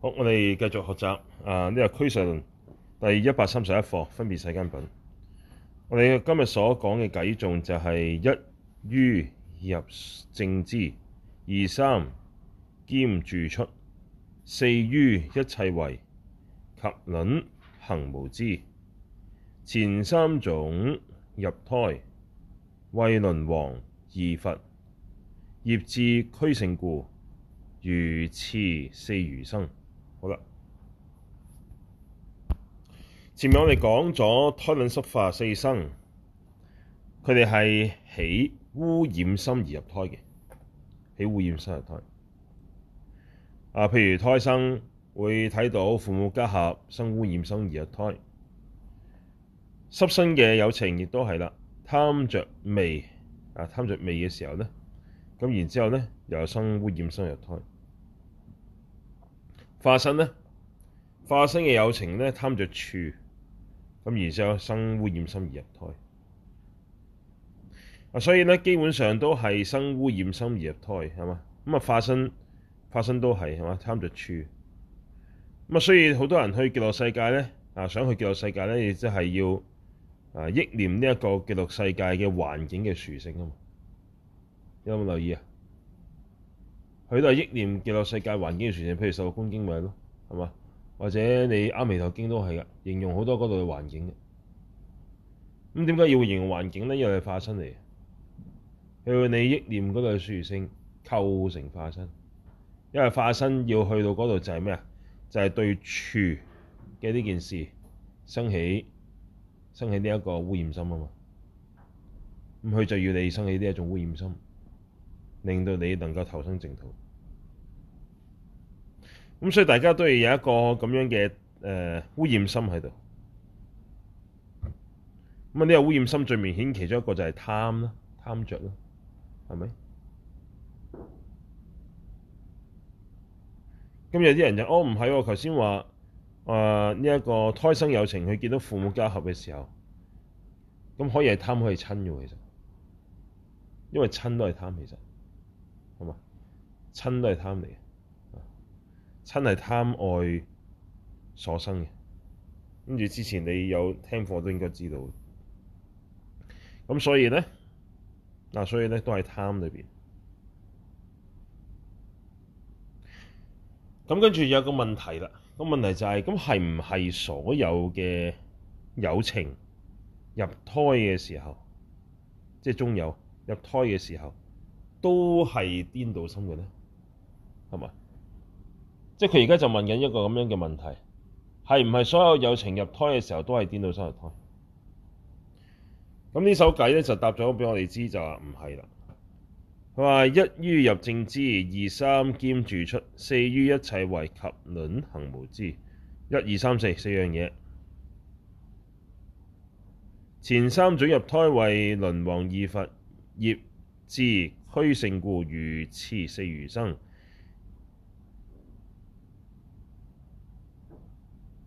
好，我哋繼續學習。啊，呢個俱舍論第一百三十一課，分別世間品。我哋今日所講嘅偈頌就係、是、一於入正知，二三兼住出，四於一切位，及卵恆無知。前三種入胎謂輪王二佛，業智俱勝故，如次四餘生。好啦，前面我哋講咗胎卵濕化四生，佢哋係起污染心而入胎嘅，起污染心而入胎。啊，譬如胎生會睇到父母交合生污染心而入胎，濕生嘅有情亦都係啦，貪着味啊，貪着味嘅時候呢，咁然之後呢，又有生污染心而入胎。化身呢，化身嘅有情呢，貪着處，咁然之後生污染心而入胎。啊，所以呢，基本上都係生污染心而入胎係嘛，咁啊化身化身都係係嘛貪著處。咁啊，所以好多人去極樂世界呢，啊想去極樂世界呢，亦即係要啊憶念呢一個極樂世界嘅環境嘅殊勝啊嘛。有冇留意啊？佢都係憶念極樂世界環境嘅傳承，譬如十六觀經咪係咯，係嘛？或者你阿彌陀經都係噶，形容好多嗰度嘅環境嘅。咁點解要形容環境咧？因為化身嚟，佢要你憶念嗰度嘅殊勝構成化身。因為化身要去到嗰度就係咩啊？就係、是、對處嘅呢件事生起，生起呢一個污染心啊嘛。咁佢就要你生起呢一種污染心。令到你能夠投生淨土，咁所以大家都係有一個咁樣嘅誒、呃、污染心喺度。咁啊呢個污染心最明顯，其中一個就係貪啦，貪着啦，係咪？咁有啲人就哦，唔係喎，頭先話誒呢一個胎生有情，佢見到父母交合嘅時候，咁可以係貪，可以係親嘅喎，其實，因為親都係貪其實。親都係貪嚟，親係貪愛所生嘅。跟住之前你有聽課都應該知道，咁所以咧，嗱、啊、所以咧都係貪裏邊。咁跟住有一個問題啦，個問題就係咁係唔係所有嘅有情入胎嘅時候，即、就、係、是、中有入胎嘅時候，都係顛倒心嘅咧？係咪？即係佢而家就問緊一個咁樣嘅問題，係唔係所有有情入胎嘅時候都係顛倒生日胎？咁呢首偈咧就答咗畀我哋知，就話唔係啦。係咪一於入正之，二三兼住出，四於一切為及輪行無之，一二三四四樣嘢。前三種入胎為輪王二佛業之虛性故如，如痴死如生。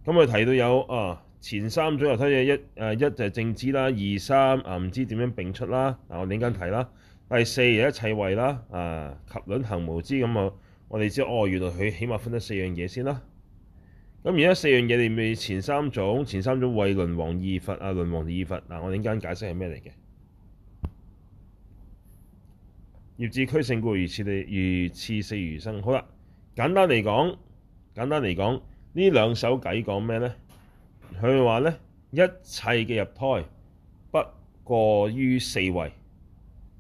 咁我提到有啊、哦、前三種又睇下一誒一就正知啦，二三啊唔知點樣並出啦，嗱、啊、我哋陣間提啦。第四一切位啦，啊及卵恆無知咁啊，我哋知哦原來佢起碼分得四樣嘢先啦。咁而家四樣嘢你咪前三種，前三種謂輪王二佛啊，輪王二佛嗱、啊、我哋陣間解釋係咩嚟嘅？業智俱勝故如次你如次四如生。好啦，簡單嚟講，簡單嚟講。呢兩首偈講咩呢？佢哋話呢，一切嘅入胎不過於四位，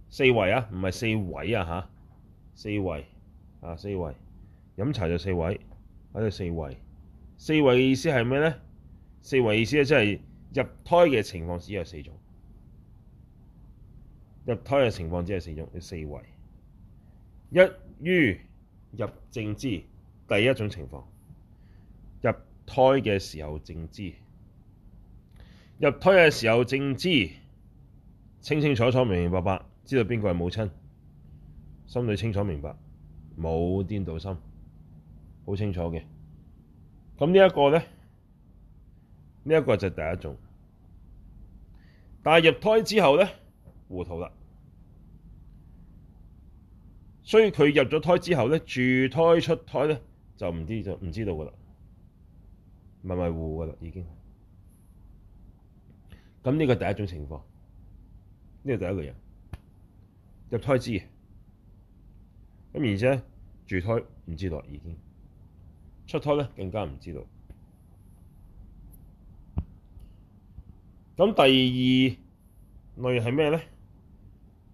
四位啊，唔係四位啊吓，四位啊，四位、啊、飲茶就四位喺度、啊就是，四位四位嘅意思係咩呢？四位嘅意思咧，即係入胎嘅情況只有四種，入胎嘅情況只係四種，四位，一於入正知。第一種情況。胎嘅時候正知，入胎嘅時候正知，清清楚楚、明明白白，知道邊個係母親，心裏清楚明白，冇顛倒心，好清楚嘅。咁呢一個咧，呢一個就係第一種。但係入胎之後咧，糊塗啦。所以佢入咗胎之後咧，住胎出胎咧，就唔知就唔知道噶啦。迷迷糊糊噶啦，已經係噉。咁呢個第一種情況，呢個第一個人入胎知，咁而且住胎唔知道，已經出胎呢更加唔知道。咁第二類係咩呢？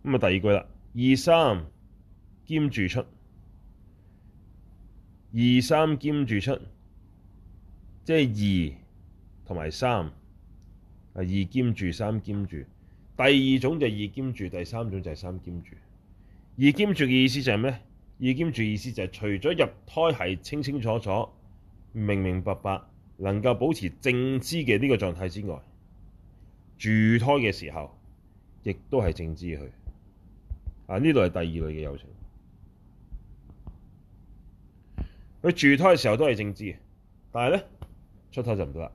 咁啊第二句啦，二三兼住出，二三兼住出。即係二同埋三、啊二兼住三兼住。第二種就二兼住，第三種就係三兼住。二兼住嘅意思就係咩？二兼住意思就係除咗入胎係清清楚楚、明明白白，能夠保持正知嘅呢個狀態之外，住胎嘅時候亦都係正知去。啊呢度係第二類嘅有情，佢住胎嘅時候都係正知，但係咧。出胎就唔得啦，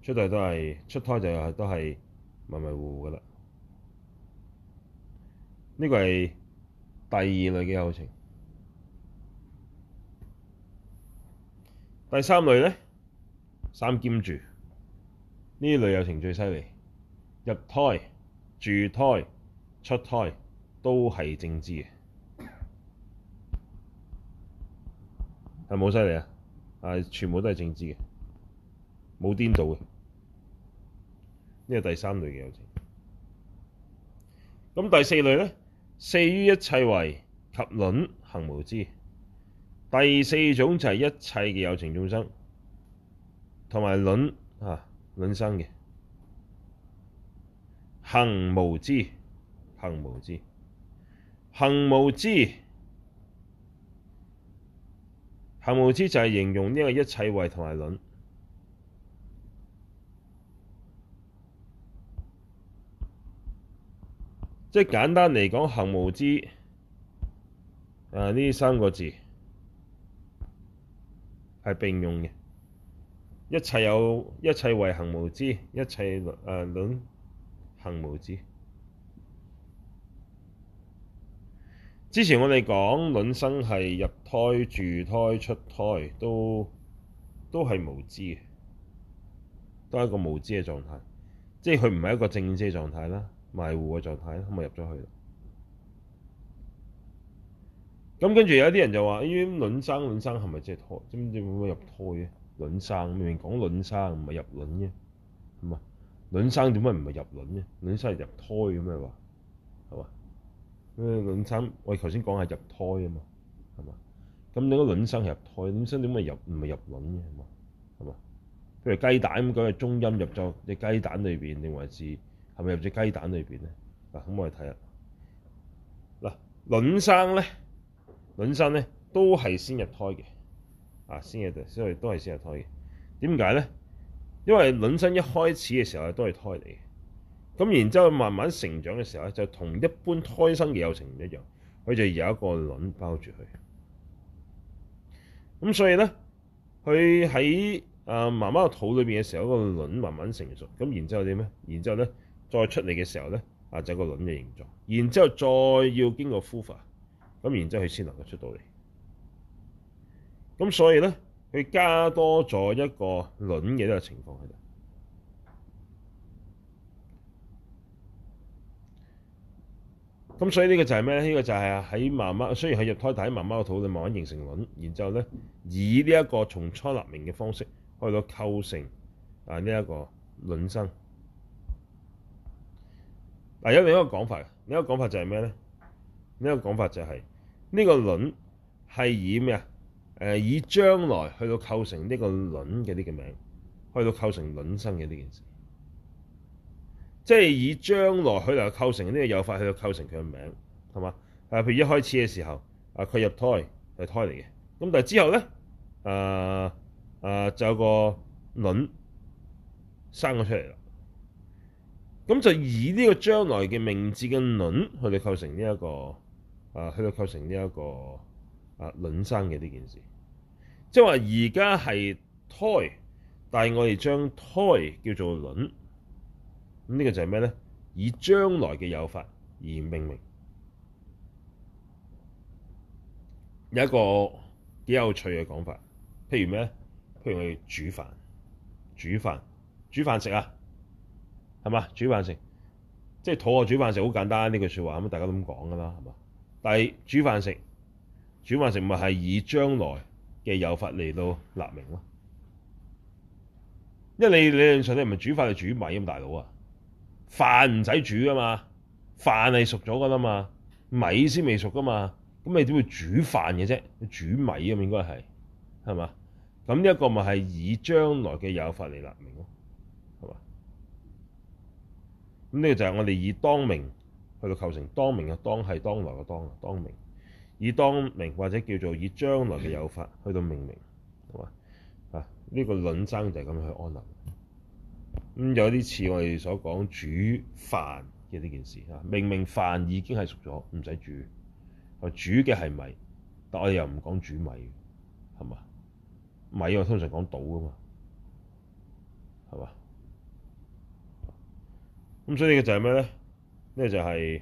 出胎都係出胎就都係迷迷糊糊噶啦。呢個係第二類嘅有情，第三類咧三兼住呢類有情最犀利，入胎、住胎、出胎都係正知嘅，係咪好犀利啊？全部都係正知嘅，冇顛倒嘅，呢個第三類嘅有情。咁第四類呢，四於一切位及卵恆無知。第四種就係一切嘅有情眾生，同埋卵啊，卵生嘅恆無知，恆無知，恆無知。恆無知就係形容呢個一切位同埋卵，即係簡單嚟講，恆無知呢、呃、三個字係並用嘅，一切有，一切位恆無知，一切誒卵、呃、恆無知。之前我哋講卵生係入胎、住胎、出胎，都都係無知嘅，都係一個無知嘅狀態，即係佢唔係一個正知嘅狀態啦，迷糊嘅狀態啦，咁咪入咗去啦。咁跟住有啲人就話，依啲卵生卵生係咪即係胎？點點點入胎啊？卵生明明講卵生，唔係入卵嘅，唔係卵生點解唔係入卵嘅？卵生係入，入胎咁咩話，係嘛？誒卵生，我哋頭先講係入胎啊嘛，係嘛？咁你個卵生係入胎，卵生點解入唔係入卵嘅，係嘛？係嘛？譬如雞蛋咁講，係中陰入咗隻雞蛋裏邊，定還是係咪入隻雞蛋裏邊咧？嗱，咁我哋睇下。嗱，卵生咧，卵生咧都係先入胎嘅，啊，先入，先係都係先入胎嘅。點解咧？因為卵生一開始嘅時候係都係胎嚟。咁然之後慢慢成長嘅時候咧，就同一般胎生嘅有情唔一樣，佢就有一個卵包住佢。咁所以咧，佢喺啊媽媽個肚裏面嘅時候，個卵慢慢成熟。咁然之後點咧？然之後咧，再出嚟嘅時候咧，啊就係個卵嘅形狀。然之後再要經過孵化，咁然之後佢先能夠出到嚟。咁所以咧，佢加多咗一個卵嘅一個情況喺度。咁所以呢個就係咩咧？呢、這個就係啊喺媽媽，雖然喺入胎，但喺媽媽個肚裏慢慢形成卵，然之後咧以呢一個從初立名嘅方式去到構成啊呢一個卵生。嗱、啊、有另一個講法，另、這、一個講法就係咩咧？另、這、一個講法就係、是、呢、這個卵係以咩啊？誒、呃、以將來去到構成呢個卵嘅呢個名，去到構成卵生嘅呢件事。即係以將來佢嚟構成呢個有法去到構成佢嘅名，係嘛、啊？譬如一開始嘅時候，啊佢入胎係胎嚟嘅，咁但係之後咧，誒、啊、誒、啊、就有個卵生咗出嚟啦。咁就以呢個將來嘅名字嘅卵去到構成呢、這、一個，誒去到構成呢、這、一個，誒、啊、卵生嘅呢件事。即係話而家係胎，但係我哋將胎叫做卵。咁呢個就係咩咧？以將來嘅有法而命名，有一個幾有趣嘅講法。譬如咩？譬如我哋煮飯，煮飯，煮飯食啊，係嘛？煮飯食，即係肚餓煮飯食，好簡單呢句說話，咁大家咁講㗎啦，係嘛？但係煮飯食，煮飯食咪係以將來嘅有法嚟到立名咯。因為你理論上你唔係煮飯係煮米咁，大佬啊！飯唔使煮㗎嘛，飯係熟咗噶啦嘛，米先未熟噶嘛，咁你點會煮飯嘅啫？煮米咁應該係，係嘛？咁呢一個咪係以將來嘅有法嚟立名咯，係嘛？咁呢個就係我哋以當名去到構成當名嘅當，係當來嘅當，當名。以當名或者叫做以將來嘅有法去到命名，係嘛？啊，呢個論爭就係咁樣去安立。咁有啲似我哋所講煮飯嘅呢件事吓，明明飯已經係熟咗，唔使煮，我煮嘅係米，但我哋又唔講煮米，係嘛？米我通常講到噶嘛，係嘛？咁所以呢個就係咩咧？呢個就係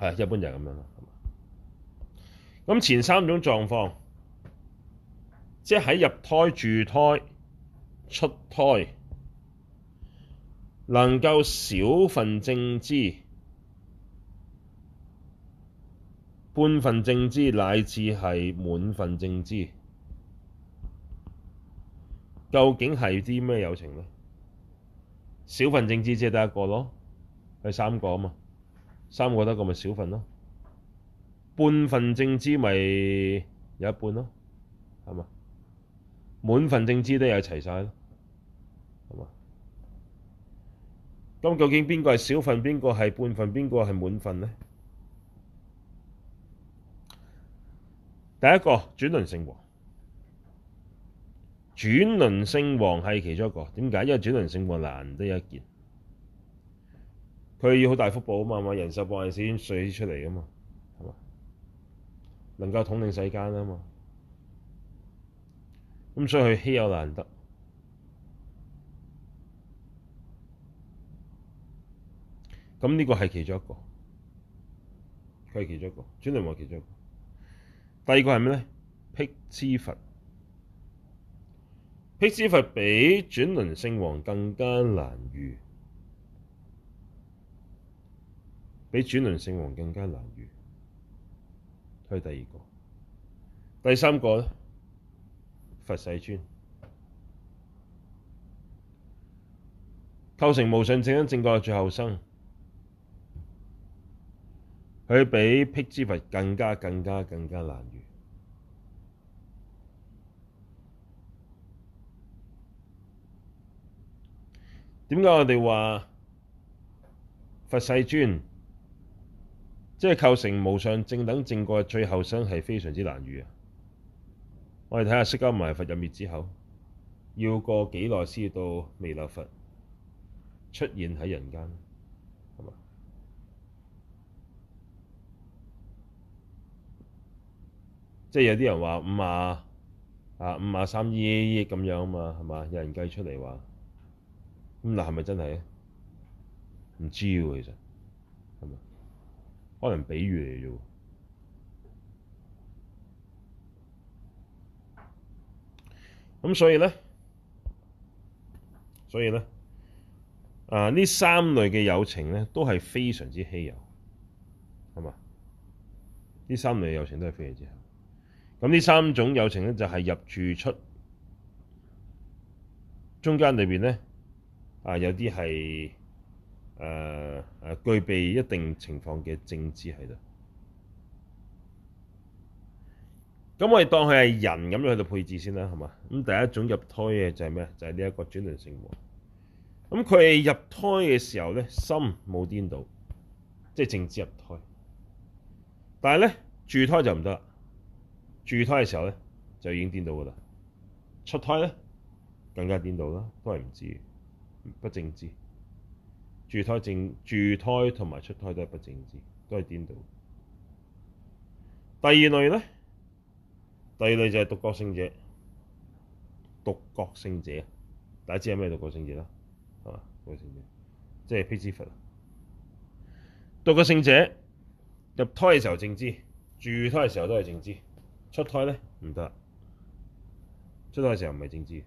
係一般就係、是、咁樣啦。咁前三種狀況，即係喺入胎、住胎、出胎。能夠少份正知、半份正知乃至係滿份正知，究竟係啲咩有情呢？少份正知即係得一個咯，係三個啊嘛，三個得個咪少份咯、啊，半份正知咪有一半咯、啊，係嘛？滿份正知都有齊晒咯，係嘛？咁究竟邊個係少分，邊個係半分，邊個係滿分呢？第一個轉輪聖王，轉輪聖王係其中一個。點解？因為轉輪聖王難得一現，佢要好大福報啊嘛，人壽薄嘅先碎起出嚟啊嘛，係嘛？能夠統領世間啊嘛，咁所以佢稀有難得。咁呢個係其中一個，佢係其中一個轉輪王，其中一個。第二個係咩呢？辟支佛，辟支佛比轉輪聖王更加難遇，比轉輪聖王更加難遇，佢係第二個。第三個呢？佛世尊，構成無上正等正覺嘅最後生。佢比辟支佛更加、更加、更加難遇。點解我哋話佛世尊即係、就是、構成無上正等正覺最後身係非常之難遇啊？我哋睇下釋迦牟尼佛入滅之後，要過幾耐先至到彌勒佛出現喺人間。即係有啲人話五啊啊五啊三億億咁樣啊嘛，係嘛？有人計出嚟話咁嗱，係咪真係咧？唔知喎，其實係咪可能比喻嚟啫？咁所以咧，所以咧啊，呢三類嘅有情咧都係非常之稀有，係嘛？呢三類嘅有情都係非常之。咁呢三種有情咧，就係入住出中間裏面咧啊，有啲係誒具備一定情況嘅正知喺度。咁我哋當佢係人咁樣去到配置先啦，係嘛？咁第一種入胎嘅就係咩？就係呢一個轉輪聖王。咁佢入胎嘅時候咧，心冇顛倒，即係正知入胎，但係咧住胎就唔得啦。住胎嘅時候咧，就已經顛倒噶啦。出胎咧，更加顛倒啦，都係唔知，不正知。住胎正，住胎同埋出胎都係不正知，都係顛倒。第二類咧，第二類就係獨覺聖者。獨覺聖者，大家知係咩獨覺聖者啦？係嘛？獨覺聖者即係辟支佛啊。獨覺聖者入胎嘅時候正知，住胎嘅時候都係正知，出胎咧唔得，出胎嘅時候唔係正知。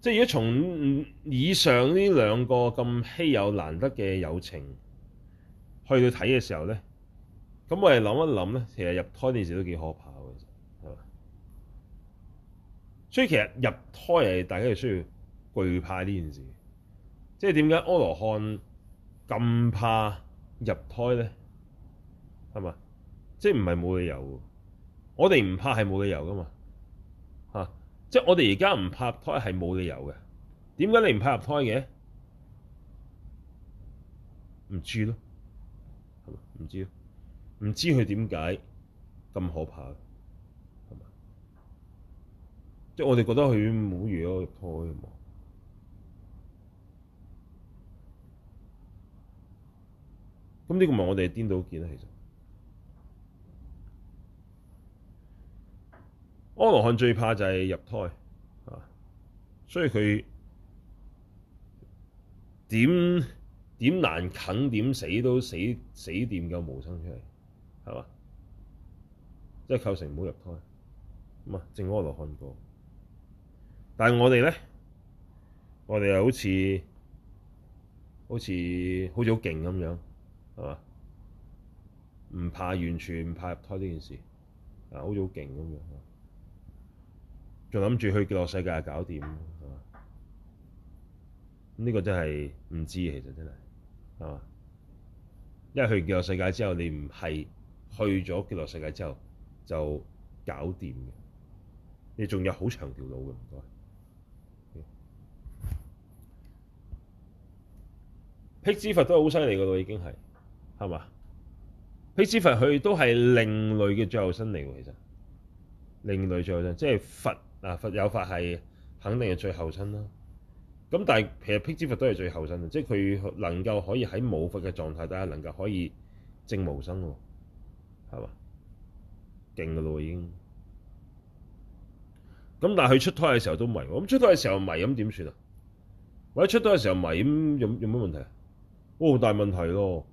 即係如果從以上呢兩個咁稀有難得嘅有情去到睇嘅時候咧，咁我哋諗一諗咧，其實入胎呢件事都幾可怕嘅，係嘛？所以其實入胎係大家係需要懼怕呢件事。即係點解阿羅漢咁怕入胎咧？係咪？即係唔係冇理由？我哋唔怕係冇理由噶嘛，啊？吓、啊，即係我哋而家唔怕入胎係冇理由嘅。點解你唔怕入胎嘅？唔知咯，係咪？唔知咯，唔知佢點解咁可怕？係咪？即係我哋覺得佢冇嘢，入胎。咁呢個咪我哋顛倒見咯，其實阿羅漢最怕就係入胎啊，所以佢點點難啃點死都死死掂個無生出嚟，係嘛？即係構成唔好入胎咁啊，正阿羅漢過，但係我哋咧，我哋又好似好似好似好勁咁樣。係嘛？唔怕完全唔怕入胎呢件事，啊，好似好勁咁樣，仲諗住去極樂世界搞掂，呢個真係唔知其實真係係嘛？因為去極樂世界之後，你唔係去咗極樂世界之後就搞掂嘅，你仲有好長條路嘅，唔該。辟支佛都好犀利噶咯，已經係。係嘛？辟支佛佢都係另類嘅最後身嚟喎，其實另類最後身，即係佛嗱、啊、佛有佛係肯定係最後身啦。咁但係其實辟支佛都係最後身，即係佢能夠可以喺冇佛嘅狀態底下，能夠可以正無生喎，係嘛？勁嘅咯，已經。咁但係佢出胎嘅時候都迷，咁出胎嘅時候迷咁點算啊？或者出胎嘅時候迷咁有有咩問題啊？好、哦、大問題咯！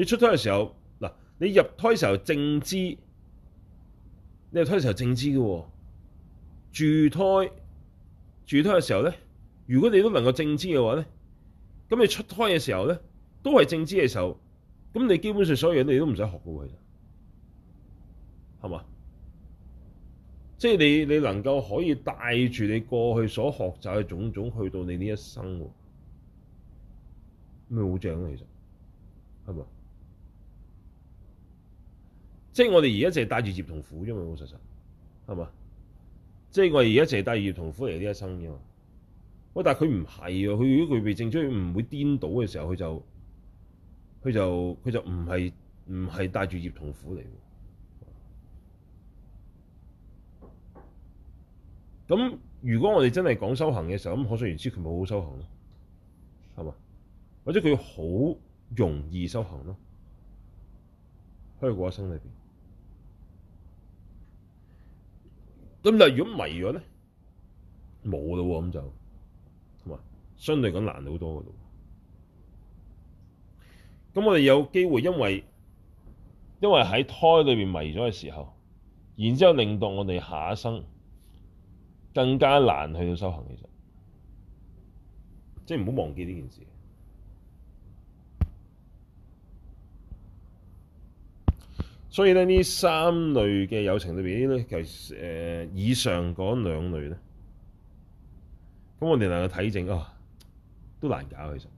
你出胎嘅時候，嗱，你入胎嘅時候正知，你入胎嘅時候正知嘅喎，住胎住胎嘅時候咧，如果你都能夠正知嘅話咧，咁你出胎嘅時候咧，都係正知嘅時候，咁你基本上所有嘢，就是，你都唔使學嘅喎，係嘛？即係你你能夠可以帶住你過去所學習嘅種種去到你呢一生，咪好正啊？其實係嘛？即係我哋而家淨係帶住業同苦啫嘛，老實實係嘛？即係我哋而家淨係帶住業同苦嚟呢一生嘅嘛。喂，但係佢唔係啊，佢如果具備正知，唔會顛倒嘅時候，佢就佢就佢就唔係唔係帶住業同苦嚟。咁如果我哋真係講修行嘅時候，咁可想而知佢冇好修行咯，係嘛？或者佢好容易修行咯，喺佢嗰一生裏邊。咁但係如果迷咗咧，冇咯喎，咁就同埋相對講難好多嘅咯。咁我哋有機會因，因為因為喺胎裏邊迷咗嘅時候，然之後令到我哋下一生更加難去到修行時候，其實即係唔好忘記呢件事。所以咧，呢三類嘅有情裏邊，呢其實誒，以上嗰兩類咧，咁我哋能夠睇證啊、哦，都難搞其實。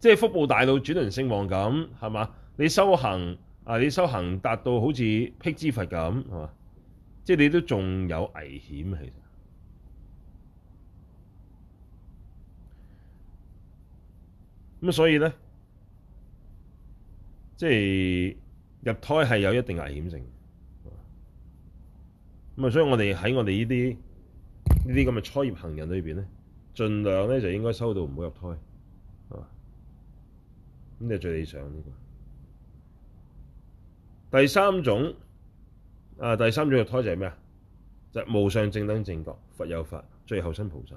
即係福報大到轉輪聖王咁，係嘛？你修行啊，你修行達到好似辟支佛咁，係嘛？即係你都仲有危險其實。咁所以咧，即係。入胎係有一定的危險性，咁啊，所以我哋喺我哋呢啲呢啲咁嘅初業行人裏邊咧，盡量咧就應該修到唔好入胎，咁就最理想呢個。第三種啊，第三種入胎就係咩啊？就係、無上正等正覺，佛有法、最後身菩薩，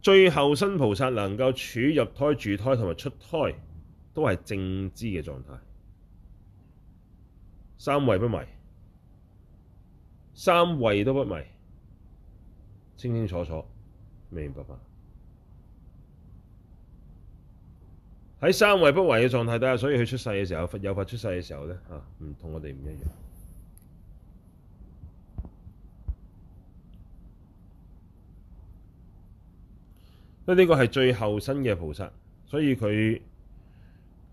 最後身菩薩能夠處入胎、住胎同埋出胎，都係正知嘅狀態。三位不迷，三位都不迷，清清楚楚，明明白白。喺三位不迷嘅狀態底下，所以佢出世嘅時候，佛有法出世嘅時候呢，嚇唔同我哋唔一樣。所以呢個係最後身嘅菩薩，所以佢。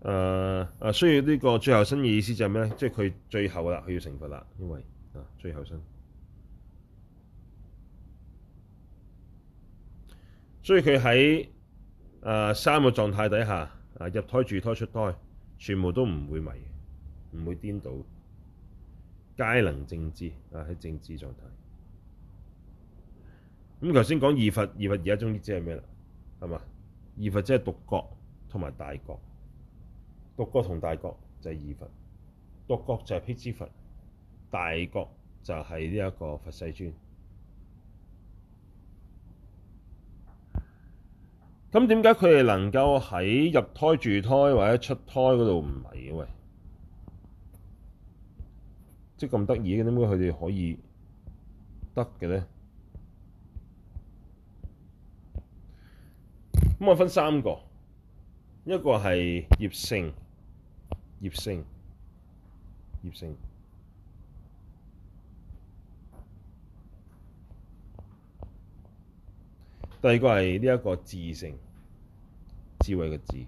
誒誒、呃，所以呢個最後身嘅意思就係咩咧？即係佢最後啦，佢要成佛啦，因為啊最後身。所以佢喺誒三個狀態底下啊入胎、住胎、出胎，全部都唔會迷，唔會顛倒，皆能正知啊喺正知狀態。咁頭先講二佛，二佛而家終於知係咩啦？係嘛，二佛即係獨覺同埋大覺。獨覺同大覺就係、是、二佛，獨覺就係辟支佛，大覺就係呢一個佛世尊。咁點解佢哋能夠喺入胎、住胎或者出胎嗰度唔迷嘅？喂，即係咁得意嘅，點解佢哋可以得嘅咧？咁我分三個，一個係業勝。葉性、葉性，第二個係呢一個智勝，智慧嘅智，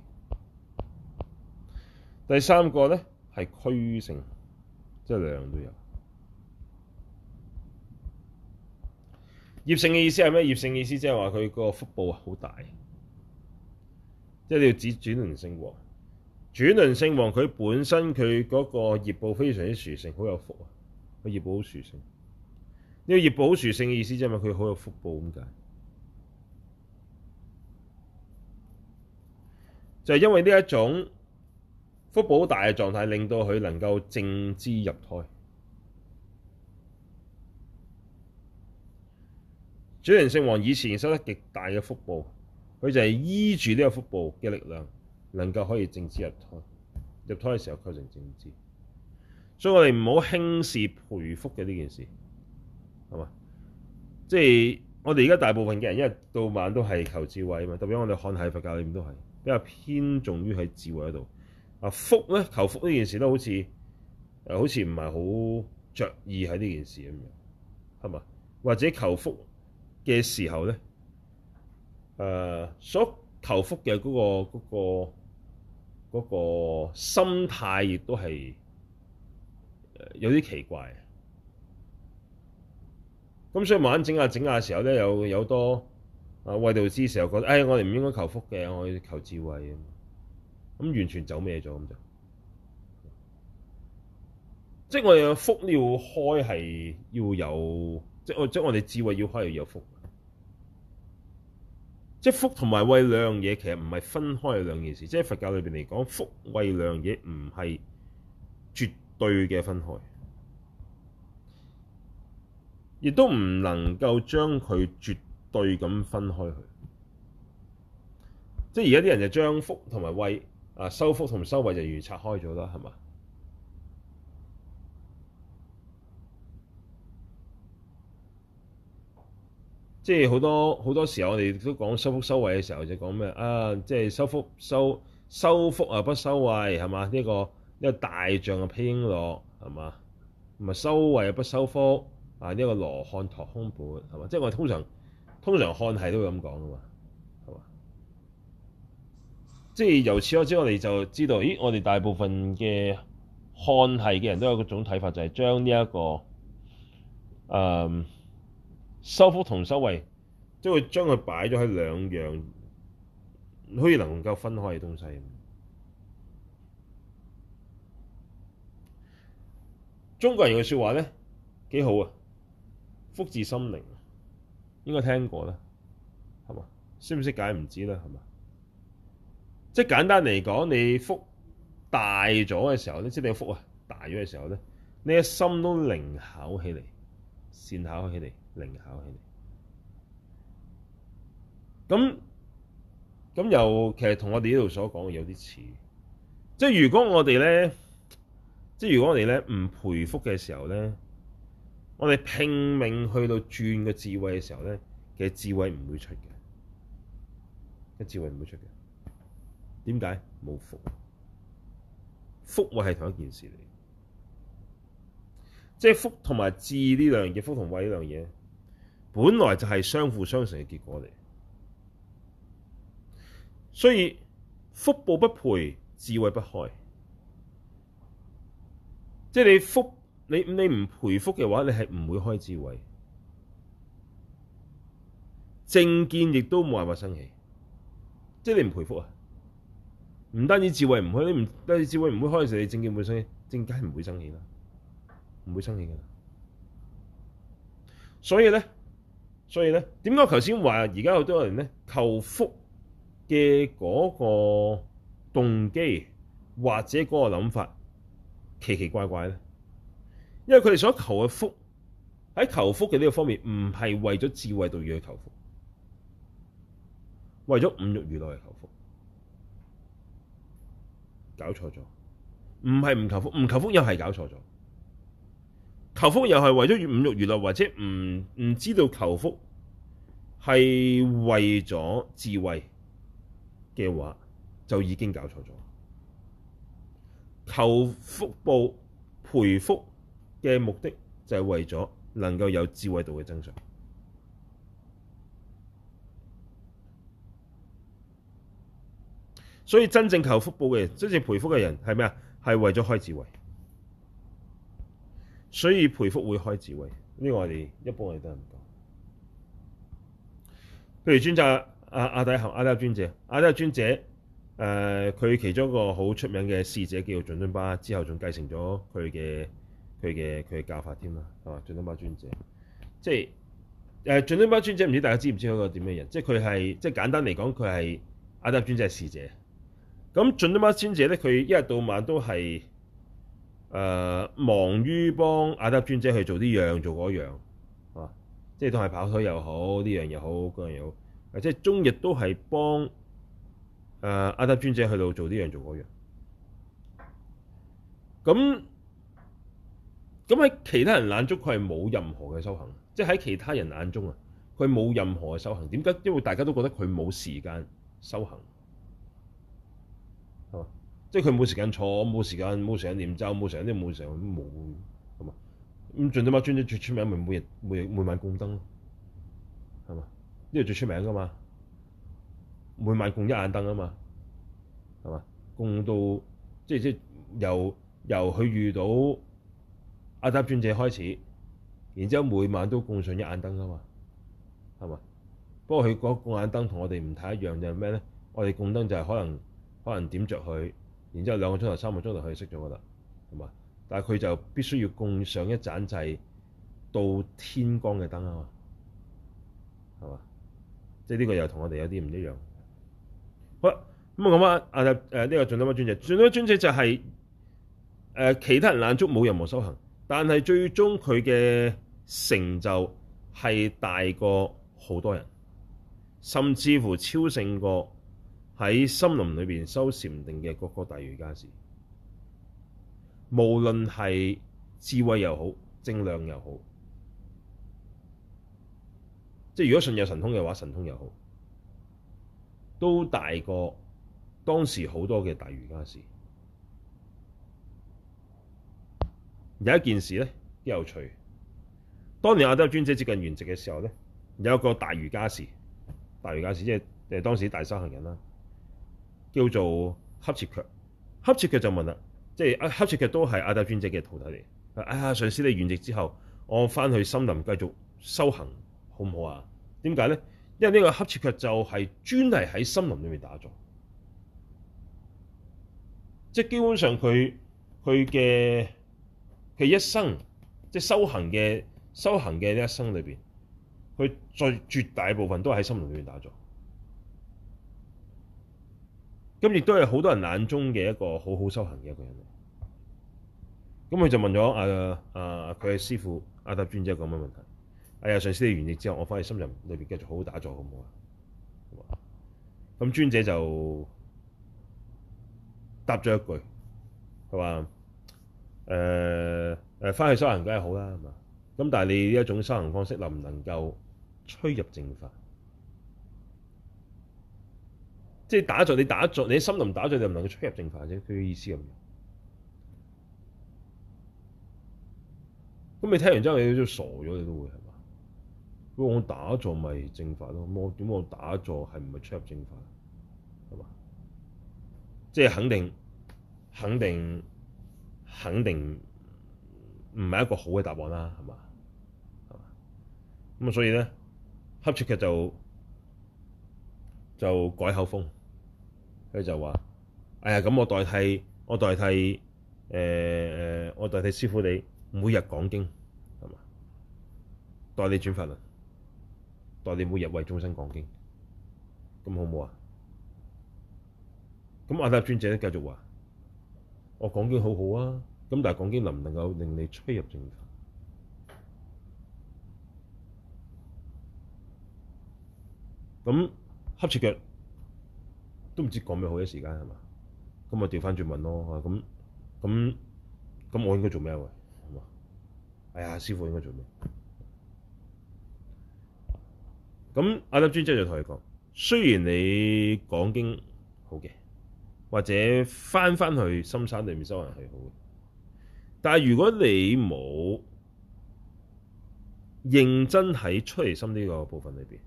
第三個呢係俱勝，即係兩樣都有。業勝嘅意思係咩？業勝意思即係話佢個腹部啊好大，即係你要指轉輪聖王。轉輪聖王佢本身佢嗰個業報非常之殊勝，好有福啊！個業報好殊勝，呢個業報好殊勝意思即係咩？佢好有福報咁解，就係因為呢一種福報大嘅狀態，令到佢能夠正知入胎。轉輪聖王以前修得極大嘅福報，佢就係依住呢個福報嘅力量。能夠可以正知入胎，入胎嘅時候構成正知。所以我哋唔好輕視培福嘅呢件事，係嘛？即係我哋而家大部分嘅人，一日到晚都係求智慧啊嘛，特別我哋漢系佛教裏面都係比較偏重於喺智慧度。啊，福咧，求福呢件事都好似誒好似唔係好着意喺呢件事咁樣，係嘛？或者求福嘅時候咧，誒、呃、所求福嘅嗰個嗰個，那個嗰個心態亦都係有啲奇怪，咁所以慢慢整下整下嘅時候咧，有好多啊，為道師時候覺得誒、哎，我哋唔應該求福嘅，我哋求智慧咁，咁完全走咩咗咁就即係、就是、我哋嘅福要開係要有，即、就、係、是、我將我哋智慧要開要有福。即係福同埋慧兩樣嘢，其實唔係分開兩件事。即係佛教裏邊嚟講，福慧兩樣嘢唔係絕對嘅分開，亦都唔能夠將佢絕對咁分開去。即係而家啲人就將福同埋慧啊，修福同修慧就完全拆開咗啦，係嘛？即係好多好多時候，我哋都講修福修慧嘅時候就講咩啊？即係修福收修福、這個這個、福啊，不修慧係嘛？呢個呢個大象嘅披瓔珞係嘛？同埋修慧不修福啊？呢個羅漢托空缽係嘛？即係我哋通常通常漢系都會咁講㗎嘛？係嘛？即係由此可知，我哋就知道，咦？我哋大部分嘅漢系嘅人都有個種睇法，就係將呢一個誒、這個。嗯修福同修慧，即係將佢擺咗喺兩樣可以能夠分開嘅東西。中國人嘅說話咧幾好啊！福至心靈，應該聽過啦，係嘛？識唔識解唔知啦，係嘛？即係簡單嚟講，你福大咗嘅時候咧，即係你嘅福啊大咗嘅時候咧，你一心都靈巧起嚟，善巧起嚟。靈巧起嚟，咁咁又其實同我哋呢度所講嘅有啲似，即係如果我哋咧，即係如果我哋咧唔培福嘅時候咧，我哋拼命去到轉個智慧嘅時候咧，其實智慧唔會出嘅，個智慧唔會出嘅，點解？冇福，福慧係同一件事嚟，即係福同埋智呢樣嘢，福同慧呢樣嘢。本來就係相輔相成嘅結果嚟，所以福報不培智，智、啊、智慧不開，即係你福你你唔培福嘅話，你係唔會開智慧。正知見亦都冇辦法生起，即係你唔培福啊，唔單止智慧唔開，你唔單止智慧唔會開，甚至係正知見會生起，正知見係唔會生起啦，唔會生起㗎。所以呢。所以咧，點解頭先話而家好多人咧求福嘅嗰個動機或者嗰個諗法奇奇怪怪咧？因為佢哋所求嘅福喺求福嘅呢個方面，唔係為咗智慧度而求福，為咗五欲娛樂而求福，搞錯咗。唔係唔求福，唔求福又係搞錯咗。求福又係為咗五欲娛樂，或者唔唔知道求福係為咗智慧嘅話，就已經搞錯咗。求福報、培福嘅目的就係、是、為咗能夠有智慧度嘅增長。所以真正求福報嘅人，真正培福嘅人係咩啊？係為咗開智慧。所以培福會開智慧，呢、這個我哋一般我哋都係唔講。譬如專責阿阿恒阿底峽阿底尊者，阿底尊者誒，佢、呃、其中一個好出名嘅侍者叫做仲敦巴，之後仲繼承咗佢嘅佢嘅佢嘅教法添啦，係、啊、嘛？仲敦巴尊者，即係誒仲敦巴尊者，唔知大家知唔知佢個點嘅人？即係佢係即係簡單嚟講，佢係阿底尊者係侍者。咁仲敦巴尊者咧，佢一日到晚都係。誒、呃、忙於幫阿底峽尊者去做啲樣做嗰樣，啊、即係都係跑腿又好，呢樣又好，嗰樣又好，誒、啊、即係終日都係幫誒阿、呃、底峽尊者去到做啲樣做嗰樣。咁咁喺其他人眼中，佢係冇任何嘅修行。即係喺其他人眼中啊，佢冇任何嘅修行。點解？因為大家都覺得佢冇時間修行。即係佢冇時間坐，冇時間冇成日念咒，冇成日都冇成冇咁啊。咁盡到乜尊者最出名咪每日每日每晚供燈咯，係嘛？呢個最出名㗎嘛，每晚供一眼燈啊嘛，係嘛？供到即係即係由由佢遇到阿底峽尊者開始，然之後每晚都供上一眼燈啊嘛，係嘛？不過佢嗰個眼燈同我哋唔太一樣，就係咩咧？我哋供燈就係可能可能點着佢。然之後兩個鐘頭、三個鐘頭可以熄咗㗎啦，係嘛？但係佢就必須要供上一盞掣到天光嘅燈啊嘛，係嘛？即係呢個又同我哋有啲唔一樣。好啦，咁啊啊誒呢、啊啊這個仲敦巴尊者？仲敦巴尊者就係、是、誒、啊、其他人攔足冇任何修行，但係最終佢嘅成就係大過好多人，甚至乎超勝過，喺森林裏邊修禪定嘅嗰個大瑜伽士，無論係智慧又好，正量又好，即係如果信有神通嘅話，神通又好，都大過當時好多嘅大瑜伽士。有一件事咧，幾有趣。當年阿底峽尊者接近圓寂嘅時候咧，有一個大瑜伽士，大瑜伽士即係當時大修行人啦。叫做恰徹卻，恰徹卻就問啦，即係恰徹卻都係阿達尊者嘅徒弟嚟。啊，上師你圓寂之後，我翻去森林繼續修行，好唔好啊？點解咧？因為呢個恰徹卻就係專係喺森林裏面打坐，即係基本上佢佢嘅佢一生即係修行嘅修行嘅呢一生裏邊，佢最絕大部分都喺森林裏面打坐。咁亦都係好多人眼中嘅一個好好修行嘅一個人嚟。咁佢就問咗佢嘅師傅、阿底峽尊者咁嘅問題：哎、啊、呀，上師，你圓寂之後，我翻去森林裏面繼續好好打坐，好唔好啊？咁尊者就答咗一句，佢話：返、呃、翻去修行梗係好啦，咁但係你呢一種修行方式能唔能夠趨入正法？即係打坐，你打坐，你心唔打坐，你唔能夠出入正法啫。佢嘅意思咁。咁你聽完之後，你都傻咗，你都會係嘛？咁我打坐咪正法咯。我點我打坐？係唔係出入正法？係嘛？即係肯定，肯定，肯定唔係一個好嘅答案啦，係嘛？係嘛？咁所以咧，恰徹卻就就改口風。佢就話：哎呀，咁我代替我代替，誒誒、呃，我代替師傅你每日講經，係嘛？代你轉法輪，代你每日為眾生講經，咁好唔好啊？咁阿達尊者咧繼續話：我講經好好啊，咁但係講經能唔能夠令你趨入正法？咁恰徹卻。都唔知講咩好，啲時間係嘛？咁咪調翻轉問咯，咁咁咁我應該做咩喎，係嘛？哎呀，師傅應該做咩？咁阿底峽尊者就同佢講，雖然你講經好嘅，或者翻翻去深山裏面修行係好嘅，但係如果你冇認真喺出離心呢個部分裏面。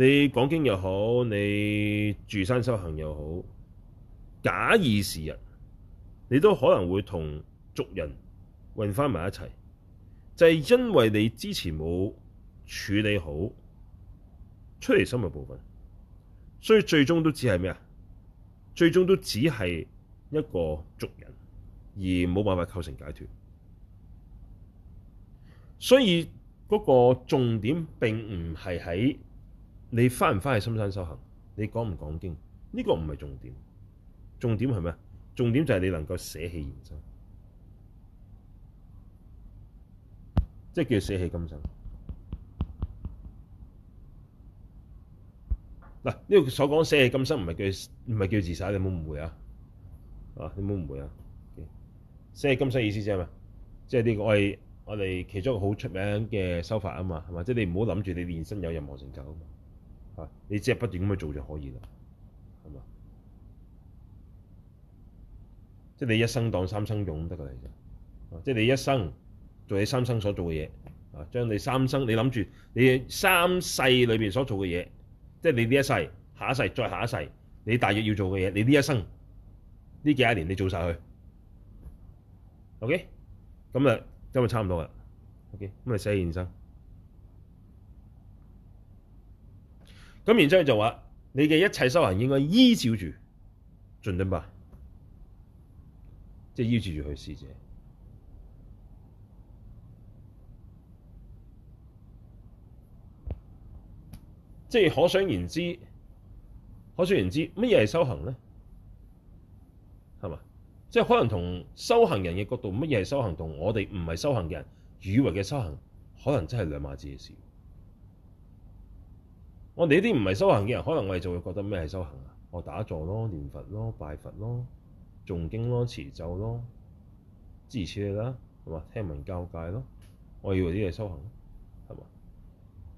你講經又好，你住山修行又好，假以時日，你都可能會同俗人混返埋一齊，就係、是、因為你之前冇處理好出離心嘅部分，所以最終都，都只係咩啊？最終都只係一個俗人，而冇辦法構成解脫。所以嗰個重點並唔係喺。你翻唔翻去深山修行？你講唔講經？呢個唔係重點，重點係咩？重點就係你能夠捨棄現身，即係叫捨棄今生，啊。嗱，呢個所講捨棄今生唔係叫唔係叫自殺，你冇誤會啊！啊，你冇誤會啊！捨棄今生意思即係咩？即係呢個我哋我哋其中一個好出名嘅修法啊嘛，係嘛？即係你唔好諗住你練身有任何成就啊嘛。啊！你只係不斷咁去做就可以啦，係嘛？即係你一生當三生用得㗎啦，其實即係你一生做你三生所做嘅嘢，啊，將你三生你諗住你三世裏邊所做嘅嘢，即係你呢一世、下一世、再下一世，你大約要做嘅嘢，你呢一生呢幾廿年你做晒佢，OK？咁啊，咁咪差唔多啦，OK？咁咪寫完先。咁然之後就話：你嘅一切修行應該依照住仲敦巴。即係依照住佢侍者。即係可想而知，可想而知，乜嘢係修行咧？係嘛？即係可能同修行人嘅角度，乜嘢係修行同我哋唔係修行嘅人以為嘅修行，可能真係兩碼子嘅事。我哋呢啲唔係修行嘅人，可能我哋就會覺得咩係修行啊？我打坐咯、念佛咯、拜佛咯、誦經咯、持咒咯，諸如此類啦，係嘛？聽聞交界咯，我以為啲係修行，係嘛？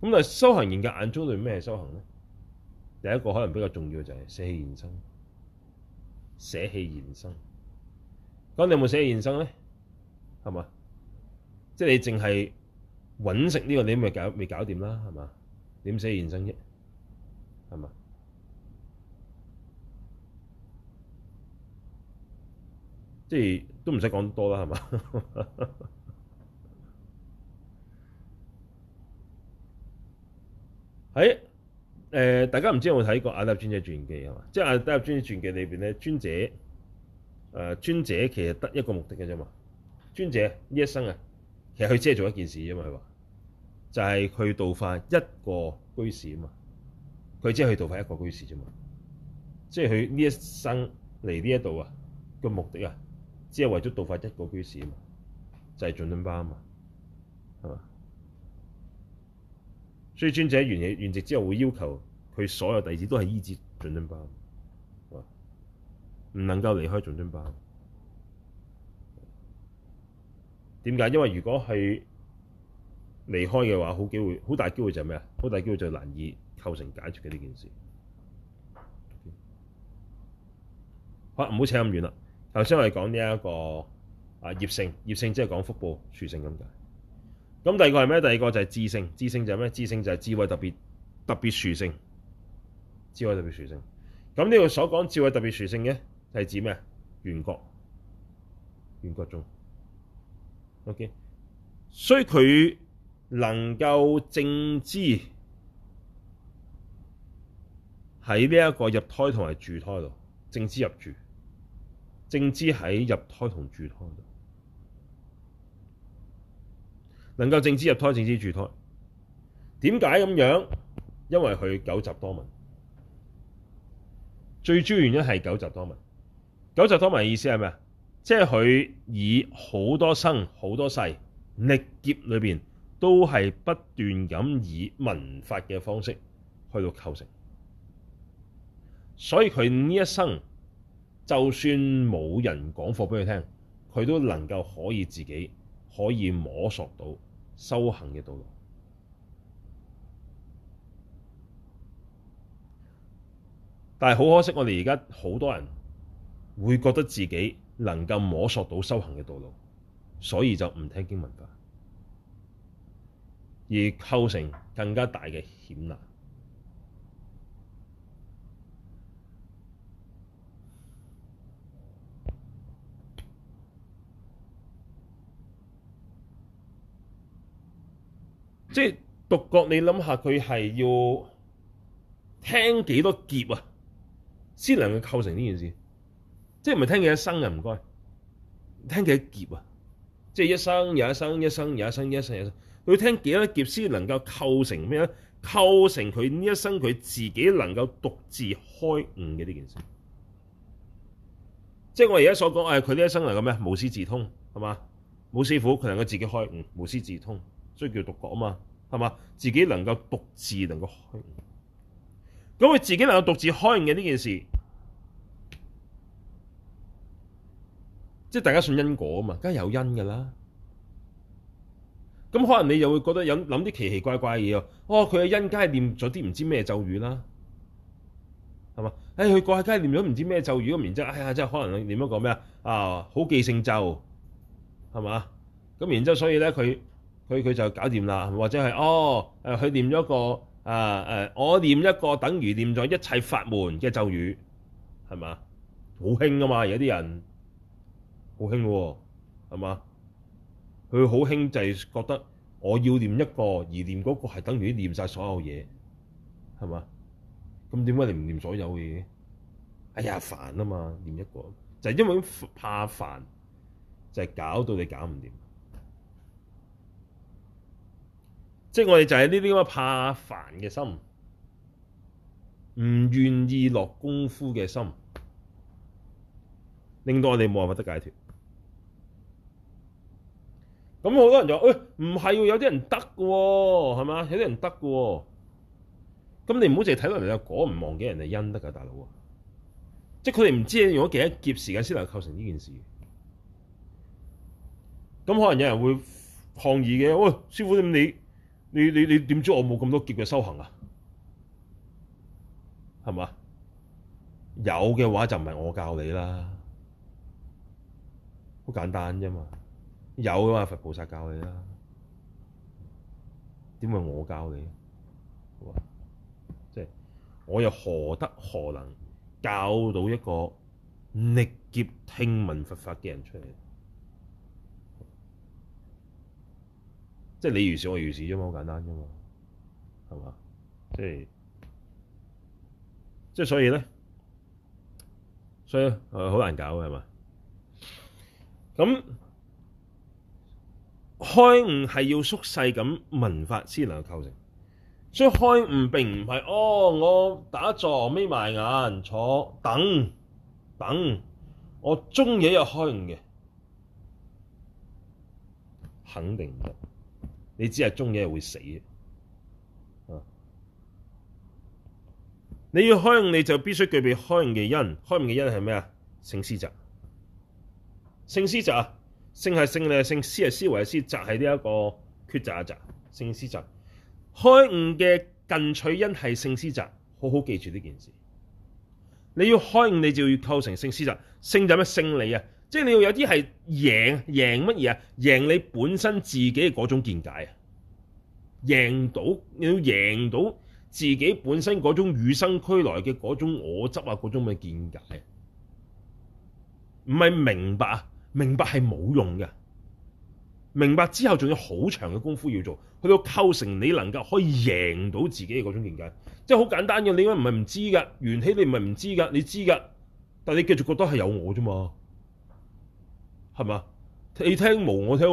咁但係修行人嘅眼中，對咩係修行咧？第一個可能比較重要嘅就係捨棄現生。捨棄現生，咁你有冇捨棄現生咧？係嘛？即係你淨係搵食呢個你，你咪搞未搞掂啦，係嘛？點捨棄現生啫？係嘛？即係都唔使講多啦，係嘛？喺 誒、哎呃，大家唔知有冇睇過《阿底峽尊者傳記》係嘛？即、就、係、是《阿底峽尊者傳記》裏邊咧，尊者誒，尊者其實得一個目的嘅啫嘛。尊者呢一生啊，其實佢只係做一件事，啫嘛。佢話就係、是、去度化一個居士啊嘛。佢只係去度化一個居士啫嘛，即係佢呢一生嚟呢一度啊個目的啊，只係為咗度化一個居士啊，就係、是、仲敦巴嘛，係嘛？所以尊者圓寂之後，會要求佢所有弟子都係依止仲敦巴，唔能夠離開仲敦巴。點解？因為如果佢離開嘅話，好機會好大機會就係咩？好大機會就係難以。構成解決嘅呢件事好，好唔好扯咁遠啦？頭先我哋講呢一個啊業勝，業勝即係講福報殊勝咁解。咁第二個係咩？第二個就係智勝，智勝就係咩？智勝就係智慧特別特別殊勝，智慧特別殊勝。咁呢個所講智慧特別殊勝嘅就係指咩？圓覺，圓覺中。O、okay? K，所以佢能夠正知。喺呢一個入胎同埋住胎度正知入住，正知喺入胎同住胎度，能夠正知入胎正知住胎。點解咁樣？因為佢久習多聞，最主要原因係久習多聞。久習多聞嘅意思係咩啊？即係佢以好多生好多世歷劫裏邊都係不斷咁以聞法嘅方式去到構成。所以佢呢一生，就算冇人講課俾佢聽，佢都能夠可以自己可以摸索到修行嘅道路。但係好可惜，我哋而家好多人會覺得自己能夠摸索到修行嘅道路，所以就唔聽經文法，而構成更加大嘅險難。即係獨覺，你諗下佢係要聽幾多劫啊？先能夠構成呢件事，即係唔係聽佢一生嘅唔該，聽佢一劫啊！即係一生又一生，一生又一生，一生又一生，佢聽幾多劫先能夠構成咩啊？構成佢呢一生佢自己能夠獨自開悟嘅呢件事。即係我而家所講，佢、哎、呢一生能咁咩？無師自通係嘛？冇師傅佢能夠自己開悟，無師自通。所以叫獨覺啊嘛，係嘛？自己能夠獨自能夠開，咁佢自己能夠獨自開嘅呢件事，即係大家信因果啊嘛，梗係有因㗎啦。咁可能你又會覺得有諗啲奇奇怪怪嘢喎，哦，佢嘅因梗係念咗啲唔知咩咒語啦，係嘛？誒，佢個係梗係念咗唔知咩咒語咁，然之後哎呀，真係可能念咗個咩啊？啊，好記性咒，係嘛？咁然之後所以咧佢。佢佢就搞掂啦，或者係哦，佢念咗個啊我念一個，啊啊，一個等於念咗一切法門嘅咒語，係嘛？好興噶嘛，有啲人好興喎，係嘛，哦？佢好興就係覺得我要念一個，而念嗰個係等於念晒所有嘢，係，哎，嘛？咁點解你唔念所有嘢？哎呀，煩啊嘛，念一個就係，因為怕煩，就係，係，搞到你搞唔掂。即係我哋就係呢啲咁嘅怕煩嘅心，唔願意落功夫嘅心，令到我哋冇辦法得解脫。咁好多人就話：誒，唔係喎，有啲人得嘅喎，係咪啊？有啲人得嘅喎。咁你唔好淨係睇落嚟個果，唔忘記人哋恩德㗎，大佬啊！即係佢哋唔知你用咗幾多劫時間先能夠構成呢件事。咁可能有人會抗議嘅，喂、哎，師傅咁你？你你你點知我冇咁多劫嘅修行啊？係嘛？有嘅話就唔係我教你啦，好簡單啫嘛。有嘅話佛菩薩教你啦，點會我教你？即係、好啊、我又何德何能教到一個逆劫聽聞佛法嘅人出嚟？即係你如是我如是啫嘛，好簡單啫嘛，係嘛？即係即係，所以咧，所以好難搞嘅係嘛？咁開悟係要縮細咁文法先能夠構成，所以開悟並唔係哦，我打坐眯埋眼坐等等，我終有一日開悟嘅，肯定唔得。你只係中嘢係會死嘅，你要開悟，你就必須具備開悟嘅因。開悟嘅因係咩啊？勝思擇，勝思擇啊！勝係勝，利係勝，思係思維，思擇係呢一個抉擇嘅擇，勝思擇，開悟嘅近取因係勝思擇，好好記住呢件事。你要開悟，你就要構成勝思擇，勝就咩？勝利啊！即係你要有啲係贏贏乜嘢啊？贏你本身自己嘅嗰種見解啊！贏到你要贏到自己本身嗰種與生俱來嘅嗰種我執啊，嗰種嘅見解啊，唔係明白啊！明白係冇用㗎，明白之後仲有好長嘅功夫要做，去到構成你能夠可以贏到自己嘅嗰種見解。即係好簡單嘅，你唔係唔知㗎，緣起，你唔係唔知㗎，你知㗎，但係你繼續覺得係有我啫嘛。係嘛？你聽冇？我聽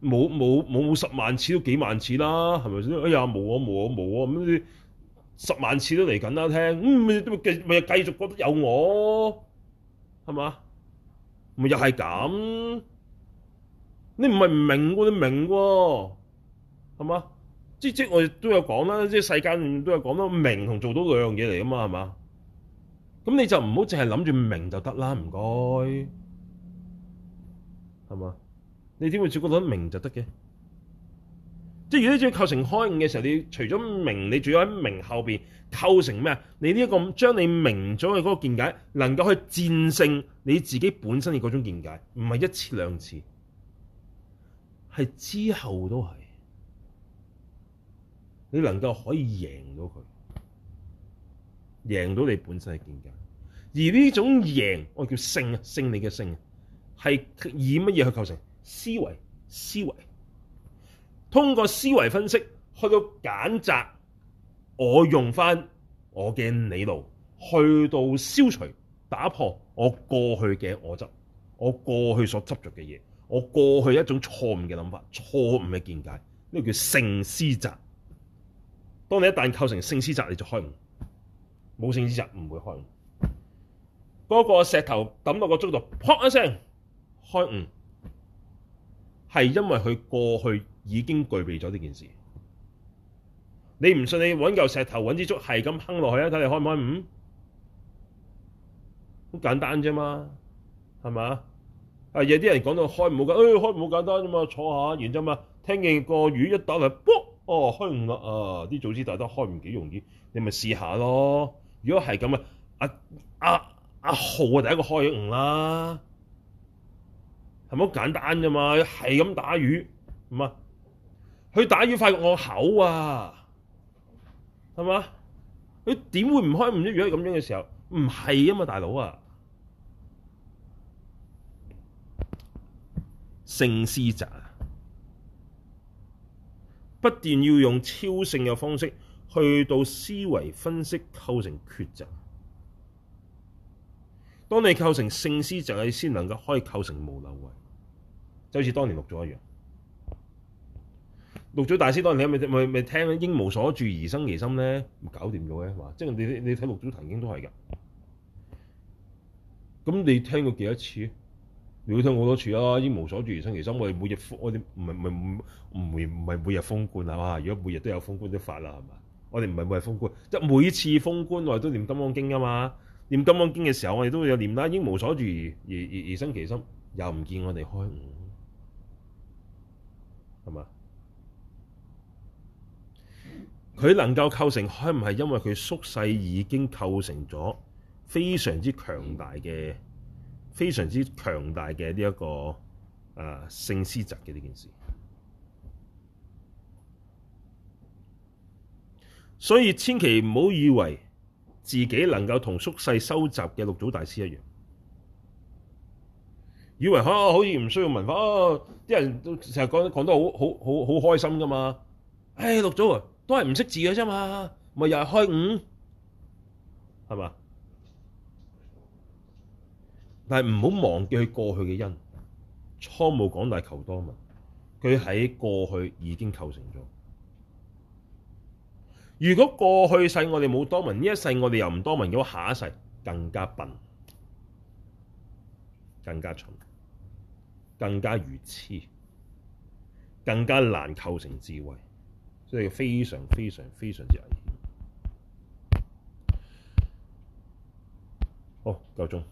冇冇冇冇十萬次都幾萬次啦，係咪先？哎呀，冇啊，冇啊，冇啊。咁啲十萬次都嚟緊啦，聽咁咪、嗯、繼續覺得有我係嘛？咪又係咁？你唔係唔明喎，你明喎係嘛？即即我都有講啦，即係世界上都有講啦，明同做到兩樣嘢嚟㗎嘛係嘛？咁你就唔好淨係諗住明就得啦，唔該。係嘛？你點會照顧到明就得嘅？即係如果你要構成開悟嘅時候，你除咗明，你仲要喺明後邊構成咩啊？你呢、這、一個將你明咗嘅嗰個見解，能夠去戰勝你自己本身嘅嗰種見解，唔係一次兩次，係之後都係你能夠可以贏到佢，贏到你本身嘅見解。而呢種贏，我叫勝啊，勝你嘅勝。係以乜嘢去構成？思維，思維。通過思維分析，去到揀擇。我用翻我嘅理路，去到消除、打破我過去嘅我執，我過去所執着嘅嘢，我過去一種錯誤嘅諗法、錯誤嘅見解。呢個叫聖思擇。當你一旦構成聖思擇，你就開悟。冇聖思擇，唔會開悟。嗰、那個石頭抌落個樽度，砰一聲。開悟係因為佢過去已經具備咗呢件事。你唔信，你揾嚿石頭揾支竹，係咁鏗落去開開啊，睇你開唔開悟？好簡單啫嘛，係咪啊？啊，有啲人講到開悟嘅，誒開悟好簡單啫嘛，坐下然之後嘛，聽見個雨一打嚟，啵哦開悟啦啊！啲祖師大德開悟幾容易，你咪試下咯。如果係咁啊，阿阿阿浩啊，啊啊浩第一個開悟啦。係好簡單啫嘛，係咁打魚，唔啊，佢打魚發覺我口啊，係嘛？佢點會唔開唔啲魚？如果咁樣嘅時候，唔係啊嘛，大佬啊，成思集不斷要用超性嘅方式去到思維分析構成抉擇。當你構成聖師，就係先能夠可以構成無漏位，就好似當年六祖一樣。六祖大師當年你咪咪咪聽，聽英應無所住而生其心咧？唔搞掂咗嘅話，即係、就是、你你睇六祖壇經都係噶。咁你聽過幾多次？你會聽好多次啦、啊。應無所住而生其心，我哋每日封嗰啲唔係唔唔唔唔唔係每日封棺係嘛？如果每日都有封棺都發啦係嘛？我哋唔係每日封棺，即、就、係、是、每次封棺我哋都念《金剛經》啊嘛。念金剛經嘅時候，我哋都會有念啦，應無所住而而而，而生其心，又唔見我哋開悟，係嘛？佢能夠構成開悟係因為佢宿世已經構成咗非常之強大嘅，非常之強大嘅呢一個啊性思疾嘅呢件事，所以千祈唔好以為。自己能夠同宿世收集嘅六祖大師一樣，以為、啊、好似唔需要文化，哦、啊，啲人都成日講講得好好好好開心噶嘛，誒、哎、六祖啊，都係唔識字嘅啫嘛，咪又係開悟，係嘛？但係唔好忘記佢過去嘅因，初無廣大求多聞，佢喺過去已經構成咗。如果過去世我哋冇多聞，呢一世我哋又唔多聞，咁下一世更加笨、更加蠢、更加愚痴、更加難構成智慧，所以非常非常非常之危險。好，夠鐘。